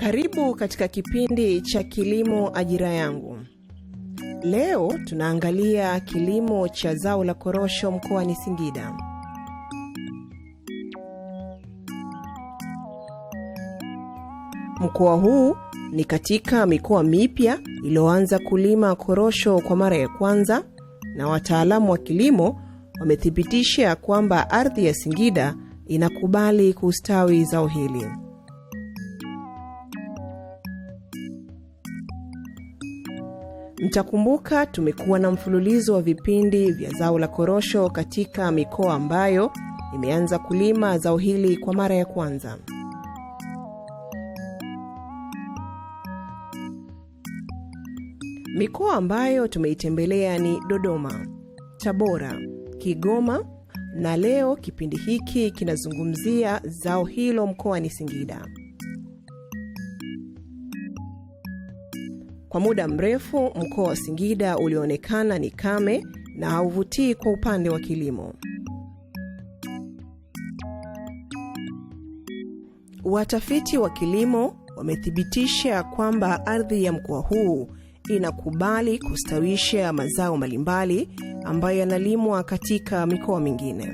Karibu katika kipindi cha Kilimo Ajira Yangu. Leo tunaangalia kilimo cha zao la korosho mkoani Singida. Mkoa huu ni katika mikoa mipya iliyoanza kulima korosho kwa mara ya kwanza, na wataalamu wa kilimo wamethibitisha kwamba ardhi ya Singida inakubali kustawi zao hili. Mtakumbuka tumekuwa na mfululizo wa vipindi vya zao la korosho katika mikoa ambayo imeanza kulima zao hili kwa mara ya kwanza. Mikoa ambayo tumeitembelea ni Dodoma, Tabora, Kigoma na leo kipindi hiki kinazungumzia zao hilo mkoani Singida. Kwa muda mrefu mkoa wa Singida ulionekana ni kame na hauvutii kwa upande wa kilimo. Watafiti wa kilimo wamethibitisha kwamba ardhi ya mkoa huu inakubali kustawisha mazao mbalimbali ambayo yanalimwa katika mikoa mingine.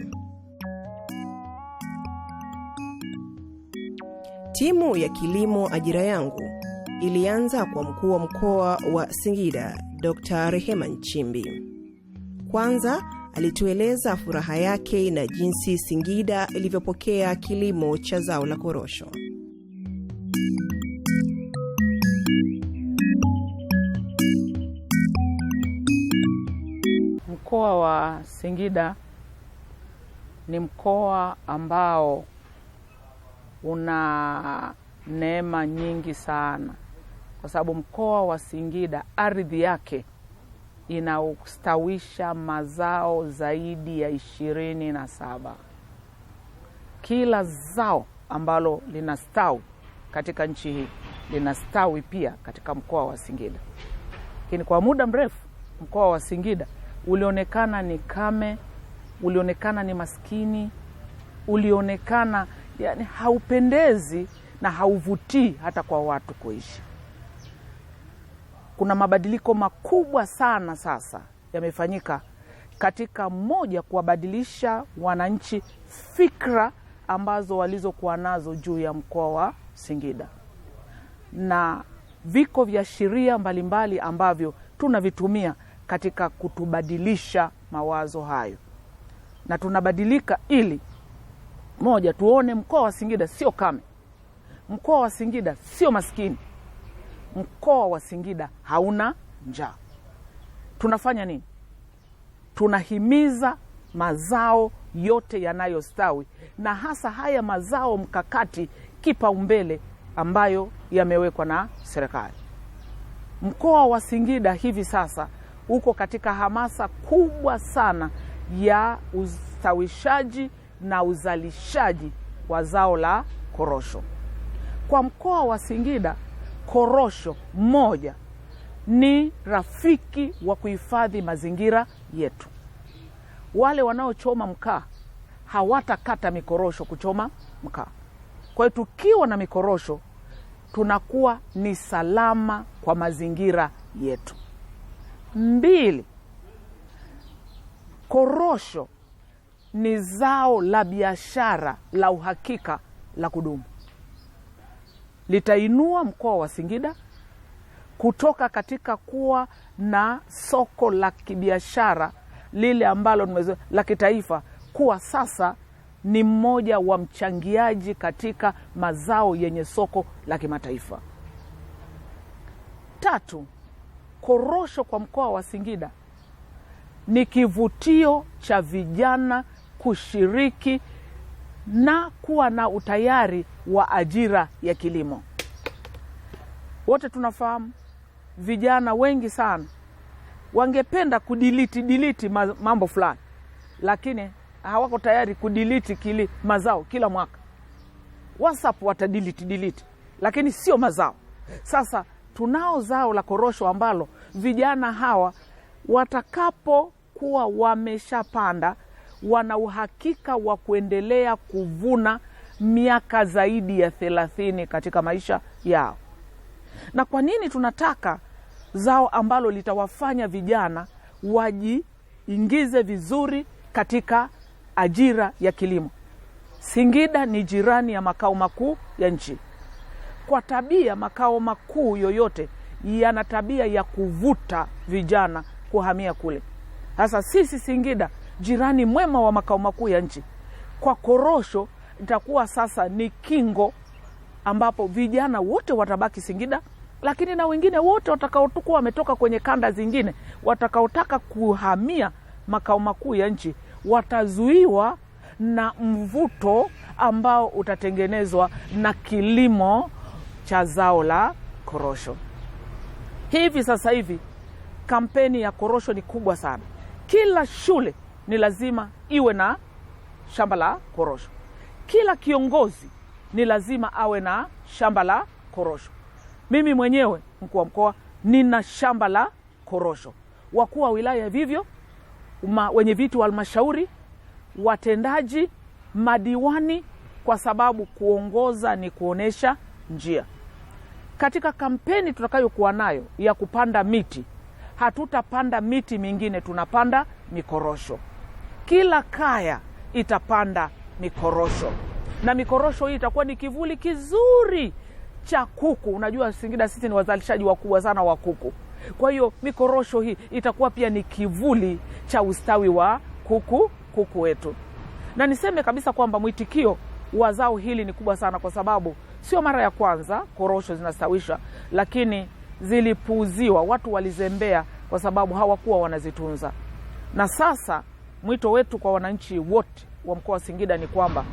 Timu ya kilimo ajira yangu ilianza kwa mkuu wa mkoa wa Singida Dr. Rehema Nchimbi. Kwanza alitueleza furaha yake na jinsi Singida ilivyopokea kilimo cha zao la korosho. Mkoa wa Singida ni mkoa ambao una neema nyingi sana kwa sababu mkoa wa Singida ardhi yake inaustawisha mazao zaidi ya ishirini na saba. Kila zao ambalo linastawi katika nchi hii linastawi pia katika mkoa wa Singida. Lakini kwa muda mrefu mkoa wa Singida ulionekana ni kame, ulionekana ni maskini, ulionekana yani haupendezi na hauvutii hata kwa watu kuishi kuna mabadiliko makubwa sana sasa yamefanyika katika moja, kuwabadilisha wananchi fikra ambazo walizokuwa nazo juu ya mkoa wa Singida, na viko vya sheria mbalimbali ambavyo tunavitumia katika kutubadilisha mawazo hayo, na tunabadilika ili moja, tuone mkoa wa Singida sio kame, mkoa wa Singida sio maskini, mkoa wa Singida hauna njaa. Tunafanya nini? Tunahimiza mazao yote yanayostawi na hasa haya mazao mkakati kipaumbele ambayo yamewekwa na serikali. Mkoa wa Singida hivi sasa uko katika hamasa kubwa sana ya ustawishaji na uzalishaji wa zao la korosho. Kwa mkoa wa Singida korosho moja ni rafiki wa kuhifadhi mazingira yetu. Wale wanaochoma mkaa hawatakata mikorosho kuchoma mkaa. Kwa hiyo tukiwa na mikorosho tunakuwa ni salama kwa mazingira yetu. Mbili, korosho ni zao la biashara la uhakika la kudumu litainua mkoa wa Singida kutoka katika kuwa na soko la kibiashara lile ambalo nimezo la kitaifa kuwa sasa ni mmoja wa mchangiaji katika mazao yenye soko la kimataifa. Tatu, korosho kwa mkoa wa Singida ni kivutio cha vijana kushiriki na kuwa na utayari wa ajira ya kilimo. Wote tunafahamu vijana wengi sana wangependa kudiliti diliti mambo fulani, lakini hawako tayari kudiliti kili mazao kila mwaka. WhatsApp watadiliti diliti, lakini sio mazao. Sasa tunao zao la korosho ambalo vijana hawa watakapokuwa wameshapanda wana uhakika wa kuendelea kuvuna miaka zaidi ya thelathini katika maisha yao. Na kwa nini tunataka zao ambalo litawafanya vijana wajiingize vizuri katika ajira ya kilimo? Singida ni jirani ya makao makuu ya nchi. Kwa tabia, makao makuu yoyote yana tabia ya kuvuta vijana kuhamia kule. Sasa sisi Singida jirani mwema wa makao makuu ya nchi. Kwa korosho itakuwa sasa ni kingo ambapo vijana wote watabaki Singida, lakini na wengine wote watakaotukua wametoka kwenye kanda zingine watakaotaka kuhamia makao makuu ya nchi watazuiwa na mvuto ambao utatengenezwa na kilimo cha zao la korosho. Hivi sasa hivi kampeni ya korosho ni kubwa sana, kila shule ni lazima iwe na shamba la korosho. Kila kiongozi ni lazima awe na shamba la korosho. Mimi mwenyewe mkuu wa mkoa nina shamba la korosho, wakuu wa wilaya vivyo, wenye viti wa halmashauri, watendaji, madiwani, kwa sababu kuongoza ni kuonesha njia. Katika kampeni tutakayokuwa nayo ya kupanda miti, hatutapanda miti mingine, tunapanda mikorosho kila kaya itapanda mikorosho, na mikorosho hii itakuwa ni kivuli kizuri cha kuku. Unajua Singida sisi ni wazalishaji wakubwa sana wa kuku, kwa hiyo mikorosho hii itakuwa pia ni kivuli cha ustawi wa kuku kuku wetu. Na niseme kabisa kwamba mwitikio wa zao hili ni kubwa sana, kwa sababu sio mara ya kwanza korosho zinastawishwa, lakini zilipuuziwa, watu walizembea kwa sababu hawakuwa wanazitunza, na sasa Mwito wetu kwa wananchi wote wa mkoa wa Singida ni kwamba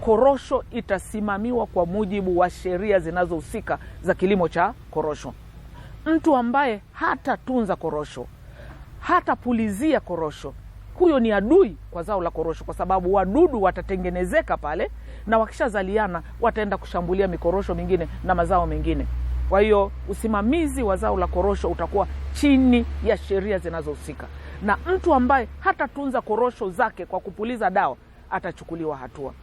korosho itasimamiwa kwa mujibu wa sheria zinazohusika za kilimo cha korosho. Mtu ambaye hatatunza korosho, hatapulizia korosho, huyo ni adui kwa zao la korosho, kwa sababu wadudu watatengenezeka pale na wakishazaliana wataenda kushambulia mikorosho mingine na mazao mengine. Kwa hiyo usimamizi wa zao la korosho utakuwa chini ya sheria zinazohusika na mtu ambaye hatatunza korosho zake kwa kupuliza dawa atachukuliwa hatua.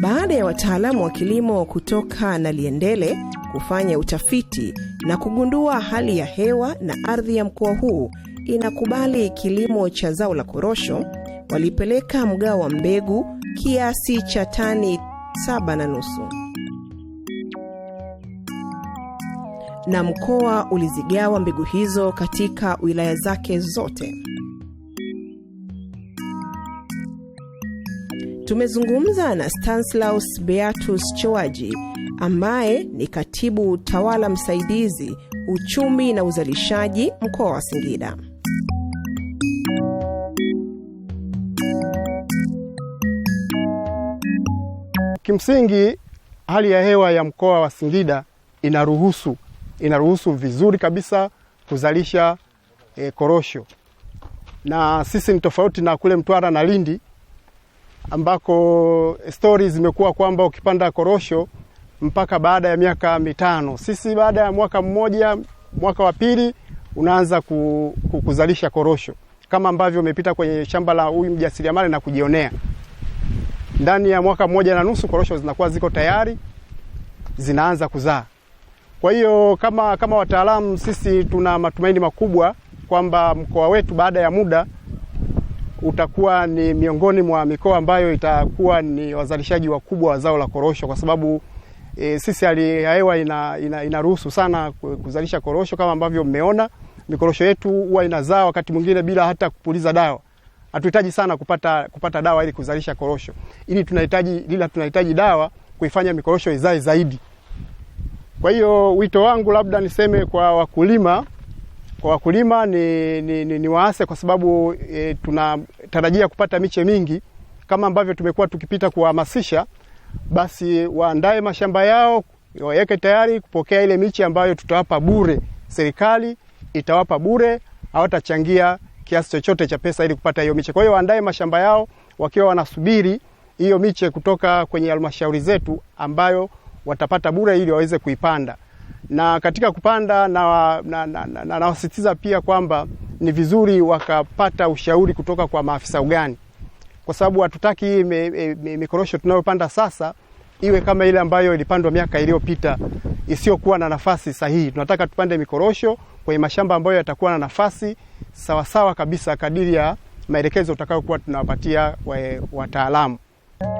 Baada ya wataalamu wa kilimo kutoka na liendele kufanya utafiti na kugundua hali ya hewa na ardhi ya mkoa huu inakubali kilimo cha zao la korosho, walipeleka mgao wa mbegu kiasi cha tani saba na nusu. na mkoa ulizigawa mbegu hizo katika wilaya zake zote. Tumezungumza na stanslaus Beatus Chowaji ambaye ni katibu tawala msaidizi uchumi na uzalishaji mkoa wa Singida. Kimsingi hali ya hewa ya mkoa wa Singida inaruhusu inaruhusu vizuri kabisa kuzalisha e, korosho na sisi ni tofauti na kule Mtwara na Lindi ambako stori zimekuwa kwamba ukipanda korosho mpaka baada ya miaka mitano. Sisi baada ya mwaka mmoja, mwaka wa pili unaanza kuzalisha korosho, kama ambavyo umepita kwenye shamba la huyu mjasiriamali na kujionea. Ndani ya mwaka mmoja na nusu korosho zinakuwa ziko tayari, zinaanza kuzaa. Kwa hiyo kama, kama wataalamu sisi tuna matumaini makubwa kwamba mkoa wetu baada ya muda utakuwa ni miongoni mwa mikoa ambayo itakuwa ni wazalishaji wakubwa wa zao la korosho kwa sababu e, sisi hali ya hewa inaruhusu ina, ina sana kuzalisha korosho kama ambavyo mmeona. Mikorosho yetu huwa inazaa wakati mwingine bila hata kupuliza dawa. Hatuhitaji sana kupata, kupata dawa ili kuzalisha korosho, ili tunahitaji, ila tunahitaji dawa kuifanya mikorosho izae zaidi. Kwa hiyo wito wangu labda niseme kwa wakulima kwa wakulima ni, ni, ni, ni waase kwa sababu e, tunatarajia kupata miche mingi kama ambavyo tumekuwa tukipita kuwahamasisha, basi waandae mashamba yao waweke tayari kupokea ile miche ambayo tutawapa bure. Serikali itawapa bure, hawatachangia kiasi chochote cha pesa ili kupata hiyo miche. Kwa hiyo waandae mashamba yao wakiwa wanasubiri hiyo miche kutoka kwenye halmashauri zetu ambayo watapata bure ili waweze kuipanda. Na katika kupanda na, na, na, na, na, nawasisitiza pia kwamba ni vizuri wakapata ushauri kutoka kwa maafisa ugani, kwa sababu hatutaki hii mikorosho tunayopanda sasa iwe kama ile ambayo ilipandwa miaka iliyopita isiyokuwa na nafasi sahihi. Tunataka tupande mikorosho kwenye mashamba ambayo yatakuwa na nafasi sawasawa sawa kabisa kadiri ya maelekezo tutakayokuwa tunawapatia wataalamu. wa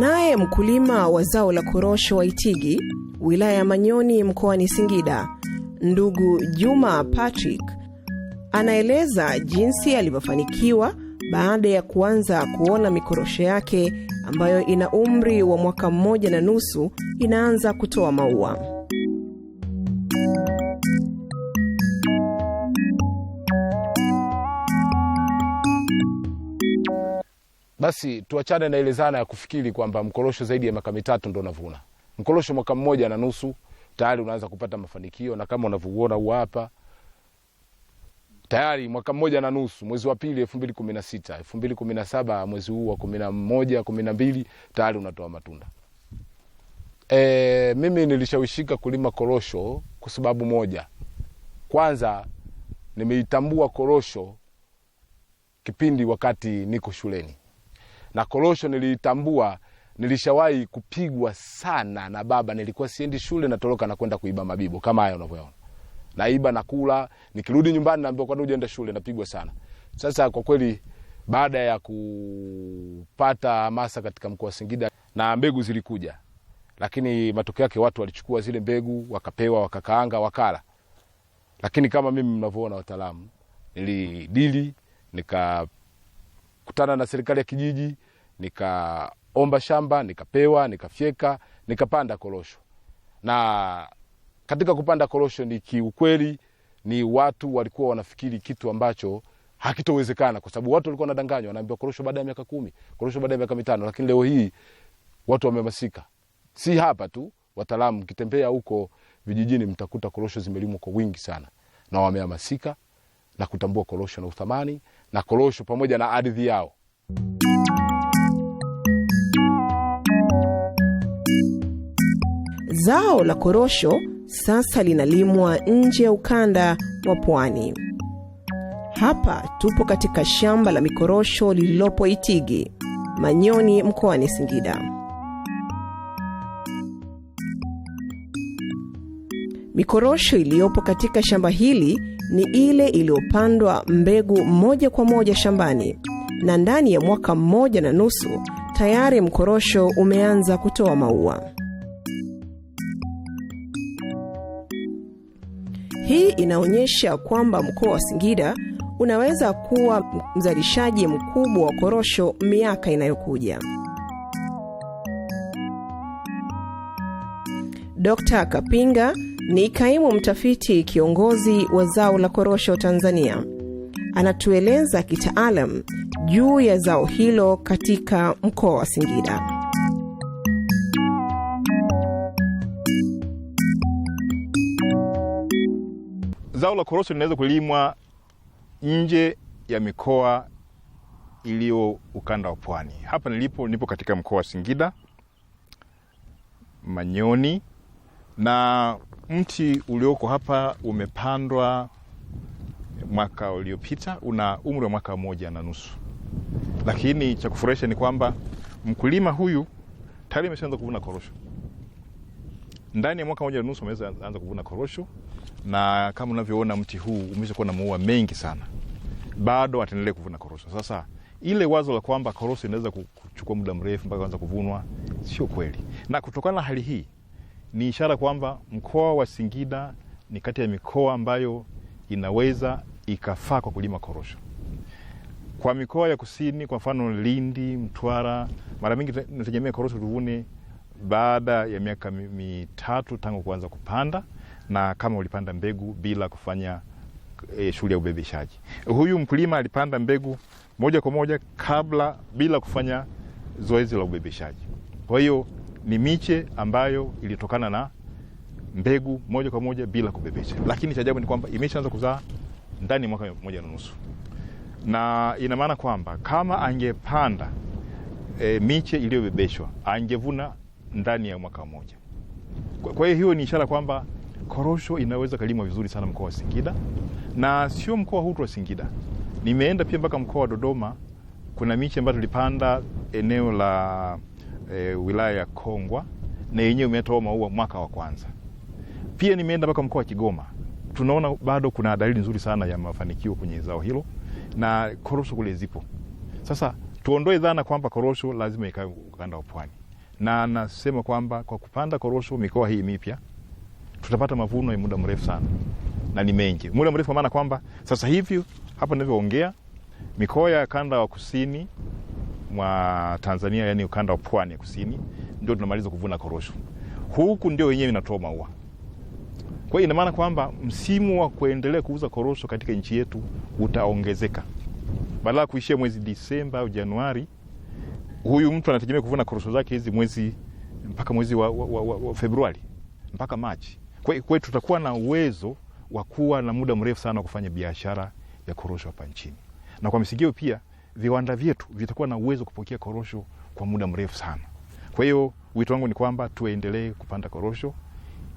Naye mkulima wa zao la korosho wa Itigi, wilaya ya Manyoni, mkoani Singida, ndugu Juma Patrick anaeleza jinsi alivyofanikiwa baada ya kuanza kuona mikorosho yake ambayo ina umri wa mwaka mmoja na nusu inaanza kutoa maua. basi tuachane na ile zana ya kufikiri kwamba mkorosho zaidi ya miaka mitatu ndo unavuna. Mkorosho mwaka mmoja na nusu tayari unaanza kupata mafanikio, na kama unavyouona huu hapa tayari mwaka mmoja na nusu, mwezi wa pili elfu mbili kumi na sita elfu mbili kumi na saba mwezi huu wa kumi na moja kumi na mbili tayari unatoa matunda. E, mimi nilishawishika kulima korosho kwa sababu moja. Kwanza nimeitambua korosho kipindi wakati niko shuleni na korosho nilitambua nilishawahi kupigwa sana na baba. Nilikuwa siendi shule, natoroka nakwenda kuiba mabibo kama haya unavyoona, naiba nakula, nikirudi nyumbani naambiwa kwani ujaenda shule, napigwa sana. Sasa kwa kweli, baada ya kupata hamasa katika mkoa wa Singida na mbegu zilikuja, lakini matokeo yake watu walichukua zile mbegu wakapewa, wakakaanga, wakala. Lakini kama mimi mnavyoona, wataalamu nilidili, nikakutana na serikali ya kijiji nikaomba shamba nikapewa, nikafyeka, nikapanda korosho. Na katika kupanda korosho ni kiukweli, ni watu walikuwa wanafikiri kitu ambacho hakitowezekana, kwa sababu watu walikuwa wanadanganywa, wanaambiwa korosho baada ya miaka kumi, korosho baada ya miaka mitano. Lakini leo hii watu wamehamasika, si hapa tu, wataalamu mkitembea huko vijijini mtakuta korosho zimelimwa kwa wingi sana, na wamehamasika na kutambua korosho na uthamani na korosho pamoja na ardhi yao. Zao la korosho sasa linalimwa nje ya ukanda wa pwani. Hapa tupo katika shamba la mikorosho lililopo Itigi, Manyoni, mkoani Singida. Mikorosho iliyopo katika shamba hili ni ile iliyopandwa mbegu moja kwa moja shambani, na ndani ya mwaka mmoja na nusu tayari mkorosho umeanza kutoa maua. Hii inaonyesha kwamba mkoa wa Singida unaweza kuwa mzalishaji mkubwa wa korosho miaka inayokuja. d Kapinga ni kaimu mtafiti kiongozi wa zao la korosho Tanzania. Anatueleza kitaalam juu ya zao hilo katika mkoa wa Singida. zao la korosho linaweza kulimwa nje ya mikoa iliyo ukanda wa pwani. Hapa nilipo nipo katika mkoa wa Singida, Manyoni, na mti ulioko hapa umepandwa mwaka uliopita, una umri wa mwaka mmoja na nusu, lakini cha kufurahisha ni kwamba mkulima huyu tayari ameshaanza kuvuna korosho ndani ya mwaka moja na nusu wameweza anza kuvuna korosho, na kama unavyoona mti huu umeweza kuwa na maua mengi sana, bado ataendelea kuvuna korosho. Sasa ile wazo la kwamba korosho inaweza kuchukua muda mrefu mpaka anza kuvunwa sio kweli, na kutokana na hali hii ni ishara kwamba mkoa wa Singida ni kati ya mikoa ambayo inaweza ikafaa kwa kulima korosho. Kwa mikoa ya kusini, kwa mfano Lindi, Mtwara, mara mingi tunategemea korosho tuvune baada ya miaka mitatu tangu kuanza kupanda, na kama ulipanda mbegu bila kufanya e, shughuli ya ubebeshaji. Huyu mkulima alipanda mbegu moja kwa moja kabla bila kufanya zoezi la ubebeshaji. Kwa hiyo ni miche ambayo ilitokana na mbegu moja kwa moja bila kubebesha, lakini cha ajabu ni kwamba imeshaanza kuzaa ndani ya mwaka mmoja na nusu, na ina maana kwamba kama angepanda e, miche iliyobebeshwa angevuna ndani ya mwaka mmoja. Kwa hiyo hiyo ni ishara kwamba korosho inaweza kalimwa vizuri sana mkoa wa Singida na sio mkoa huu wa Singida. Nimeenda pia mpaka mkoa wa Dodoma, kuna miche ambayo tulipanda eneo la e, wilaya ya Kongwa na yenyewe imetoa maua mwaka wa kwanza. Pia nimeenda mpaka mkoa wa Kigoma, tunaona bado kuna dalili nzuri sana ya mafanikio kwenye zao hilo na korosho kule zipo. Sasa tuondoe dhana kwamba korosho lazima ikae ukanda wa pwani na anasema kwamba kwa kupanda korosho mikoa hii mipya tutapata mavuno ya muda mrefu sana na ni mengi. Muda mrefu kwa maana kwamba sasa hivi hapa ninavyoongea, mikoa ya kanda wa kusini mwa Tanzania, yani ukanda wa pwani ya kusini, ndio tunamaliza kuvuna korosho, huku ndio wenyewe inatoa maua. Kwa hiyo ina maana kwamba msimu wa kuendelea kuuza korosho katika nchi yetu utaongezeka, badala ya kuishia mwezi Disemba au Januari huyu mtu anategemea kuvuna korosho zake hizi mwezi mpaka mwezi wa, wa, wa, wa, wa Februari mpaka Machi. Kwa hiyo tutakuwa na uwezo wa kuwa na muda mrefu sana wa kufanya biashara ya korosho hapa nchini, na kwa misigio pia viwanda vyetu vitakuwa na uwezo wa kupokea korosho kwa muda mrefu sana. Kwa hiyo wito wangu ni kwamba tuendelee kupanda korosho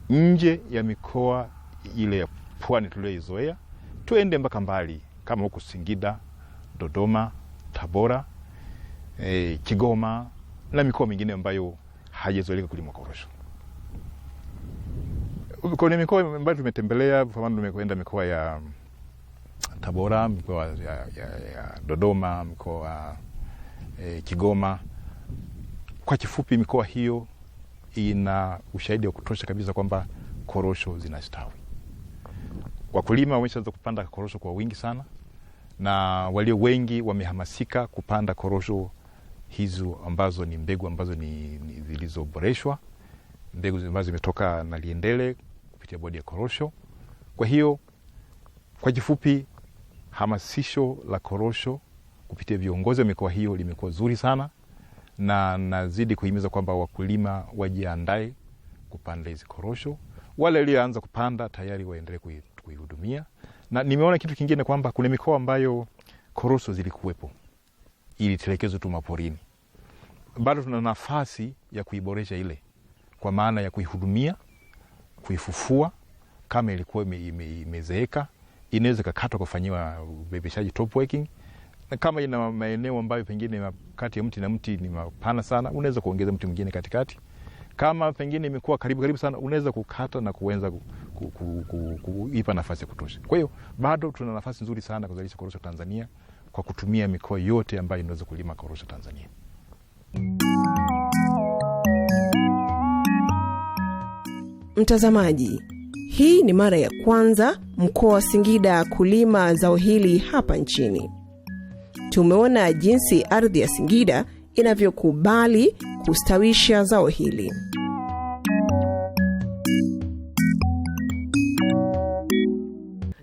nje ya mikoa ile ya pwani tuliyoizoea, tuende mpaka mbali kama huku Singida, Dodoma, Tabora e, Kigoma na mikoa mingine ambayo haijazoeleka kulima korosho. Kwenye mikoa ambayo tumetembelea, kwa mfano tumekwenda mikoa ya Tabora, mikoa ya, ya, ya Dodoma, mikoa e, Kigoma. Kwa kifupi, mikoa hiyo ina ushahidi wa kutosha kabisa kwamba korosho zinastawi. Wakulima wameshaanza kupanda korosho kwa wingi sana, na walio wengi wamehamasika kupanda korosho hizo ambazo ni mbegu ambazo ni, ni zilizoboreshwa, mbegu ambazo zimetoka na liendele kupitia bodi ya korosho. Kwa hiyo kwa kifupi, hamasisho la korosho kupitia viongozi wa mikoa hiyo limekuwa zuri sana, na nazidi kuhimiza kwamba wakulima wajiandae kupanda hizi korosho, wale walioanza kupanda tayari waendelee kuihudumia. Na nimeona kitu kingine kwamba kuna mikoa ambayo korosho zilikuwepo tuelekezwe tu maporini. Bado tuna nafasi ya kuiboresha ile, kwa maana ya kuihudumia, kuifufua. Kama ilikuwa imezeeka, inaweza kakatwa kufanyiwa ubebeshaji top working, na kama ina maeneo ambayo pengine kati ya mti na mti ni mapana sana, unaweza kuongeza mti mwingine katikati kama pengine imekuwa karibu karibu sana unaweza kukata na kuweza kuipa nafasi ya kutosha. Kwa hiyo bado tuna nafasi nzuri sana kuzalisha korosho Tanzania kwa kutumia mikoa yote ambayo inaweza kulima korosho Tanzania. Mtazamaji, hii ni mara ya kwanza mkoa wa Singida kulima zao hili hapa nchini. Tumeona jinsi ardhi ya Singida inavyokubali kustawisha zao hili.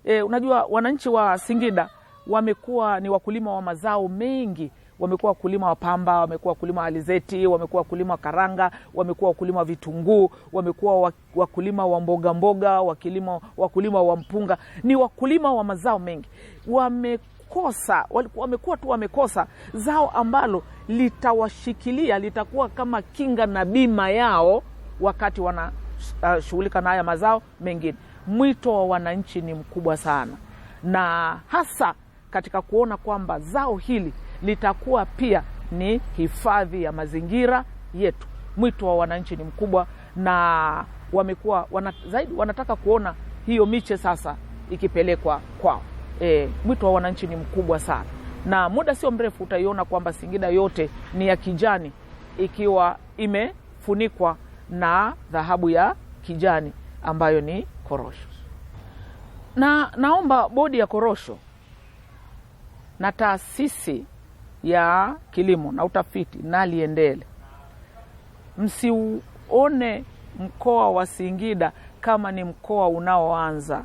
E, unajua wananchi wa Singida wamekuwa ni wakulima wa mazao mengi wamekuwa wakulima wa pamba, wamekuwa wakulima wa alizeti, wamekuwa wakulima wa karanga, wamekuwa wakulima wa vitunguu, wamekuwa wakulima wa mboga mboga, wakilima, wakulima wa mpunga, ni wakulima wa mazao mengi. Wamekosa, wamekuwa tu wamekosa zao ambalo litawashikilia, litakuwa kama kinga na bima yao wakati wanashughulika uh, na haya mazao mengine. Mwito wa wananchi ni mkubwa sana, na hasa katika kuona kwamba zao hili litakuwa pia ni hifadhi ya mazingira yetu. Mwito wa wananchi ni mkubwa, na wamekuwa wana, zaidi wanataka kuona hiyo miche sasa ikipelekwa kwao. E, mwito wa wananchi ni mkubwa sana, na muda sio mrefu utaiona kwamba Singida yote ni ya kijani ikiwa imefunikwa na dhahabu ya kijani ambayo ni korosho, na naomba bodi ya korosho na taasisi ya kilimo na utafiti na liendele msiuone mkoa wa Singida kama ni mkoa unaoanza.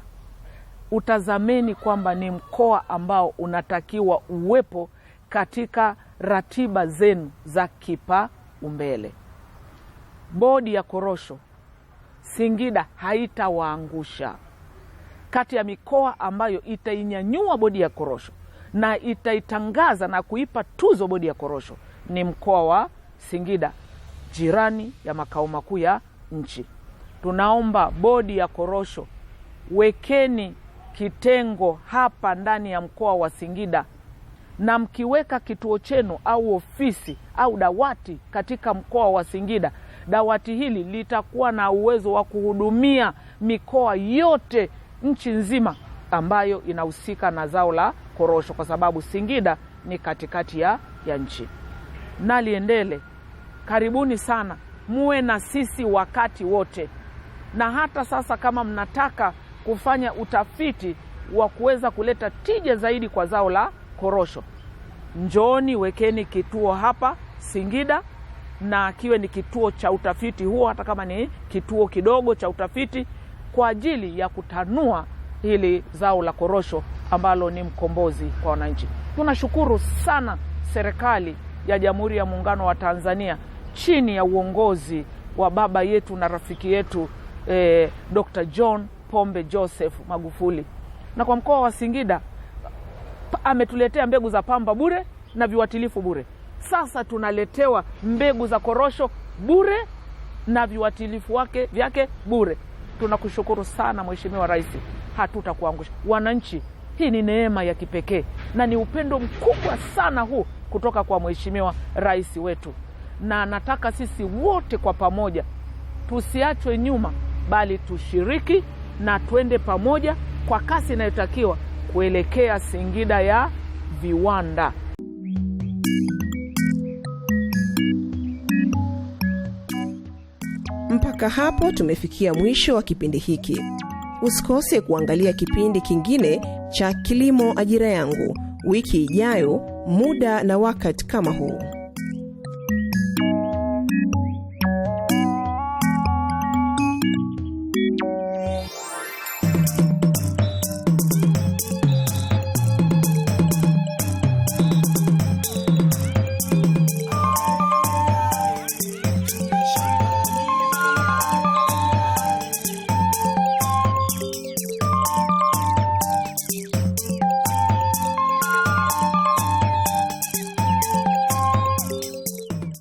Utazameni kwamba ni mkoa ambao unatakiwa uwepo katika ratiba zenu za kipaumbele. Bodi ya korosho Singida haitawaangusha. Kati ya mikoa ambayo itainyanyua bodi ya korosho na itaitangaza na kuipa tuzo bodi ya korosho ni mkoa wa Singida, jirani ya makao makuu ya nchi. Tunaomba bodi ya korosho, wekeni kitengo hapa ndani ya mkoa wa Singida, na mkiweka kituo chenu au ofisi au dawati katika mkoa wa Singida, dawati hili litakuwa na uwezo wa kuhudumia mikoa yote nchi nzima ambayo inahusika na zao la korosho, kwa sababu Singida ni katikati ya, ya nchi. liendele karibuni sana, muwe na sisi wakati wote, na hata sasa kama mnataka kufanya utafiti wa kuweza kuleta tija zaidi kwa zao la korosho, njooni, wekeni kituo hapa Singida na kiwe ni kituo cha utafiti huo, hata kama ni kituo kidogo cha utafiti kwa ajili ya kutanua hili zao la korosho ambalo ni mkombozi kwa wananchi. Tunashukuru sana serikali ya Jamhuri ya Muungano wa Tanzania chini ya uongozi wa baba yetu na rafiki yetu eh, Dr. John Pombe Joseph Magufuli. Na kwa mkoa wa Singida ametuletea mbegu za pamba bure na viwatilifu bure. Sasa tunaletewa mbegu za korosho bure na viwatilifu wake vyake bure. Tunakushukuru sana Mheshimiwa Rais hatutakuangusha. Wananchi, hii ni neema ya kipekee na ni upendo mkubwa sana huu kutoka kwa Mheshimiwa Rais wetu, na nataka sisi wote kwa pamoja tusiachwe nyuma, bali tushiriki na twende pamoja kwa kasi inayotakiwa kuelekea Singida ya viwanda. Mpaka hapo tumefikia mwisho wa kipindi hiki usikose kuangalia kipindi kingine cha Kilimo Ajira Yangu wiki ijayo, muda na wakati kama huu.